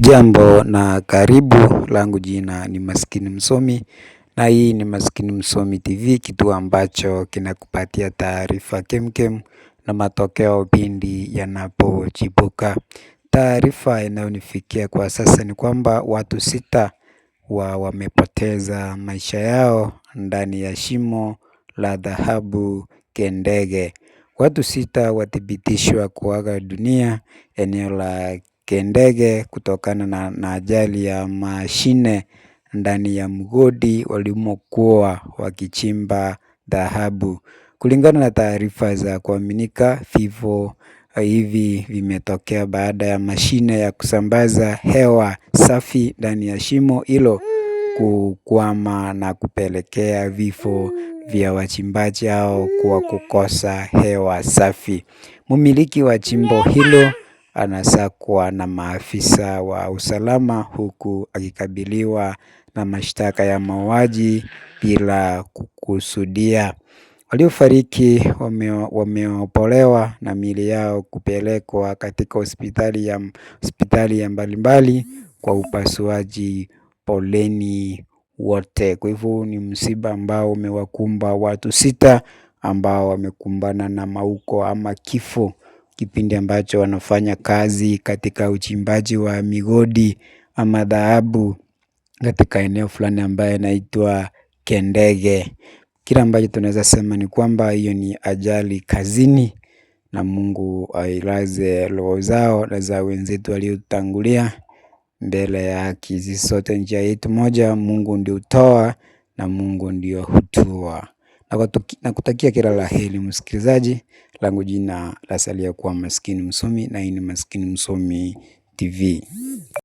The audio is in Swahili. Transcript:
jambo na karibu langu jina ni maskini msomi na hii ni maskini msomi tv kituo ambacho kinakupatia taarifa kemkem na matokeo pindi yanapochipuka taarifa inayonifikia kwa sasa ni kwamba watu sita wa wamepoteza maisha yao ndani ya shimo la dhahabu Kendege watu sita wathibitishwa kuaga dunia eneo la kendege kutokana na ajali ya mashine ndani ya mgodi walimokuwa wakichimba dhahabu. Kulingana na taarifa za kuaminika, vifo hivi vimetokea baada ya mashine ya kusambaza hewa safi ndani ya shimo hilo kukwama na kupelekea vifo vya wachimbaji hao kwa kukosa hewa safi. Mmiliki wa chimbo hilo anasa kuwa na maafisa wa usalama huku akikabiliwa na mashtaka ya mauaji bila kukusudia. Waliofariki wameopolewa na miili yao kupelekwa katika hospitali ya mbalimbali kwa upasuaji. Poleni wote. Kwa hivyo ni msiba ambao umewakumba watu sita ambao wamekumbana na mauko ama kifo. Kipindi ambacho wanafanya kazi katika uchimbaji wa migodi ama dhahabu katika eneo fulani ambayo inaitwa Kendege. Kile ambacho tunaweza sema ni kwamba hiyo ni ajali kazini na Mungu ailaze roho zao na za wenzetu waliotangulia mbele ya haki. Sisi sote njia yetu moja, Mungu ndio hutoa na Mungu ndio hutua. Nakutakia kila la heri msikilizaji langu jina lasalia kuwa Maskini Msomi na hii ni Maskini Msomi TV.